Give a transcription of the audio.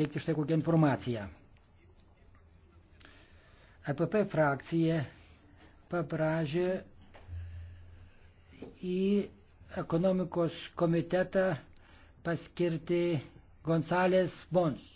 teikti štai kokią informaciją. EPP frakcija paprašė į ekonomikos komitetą paskirti Gonzalės Bons.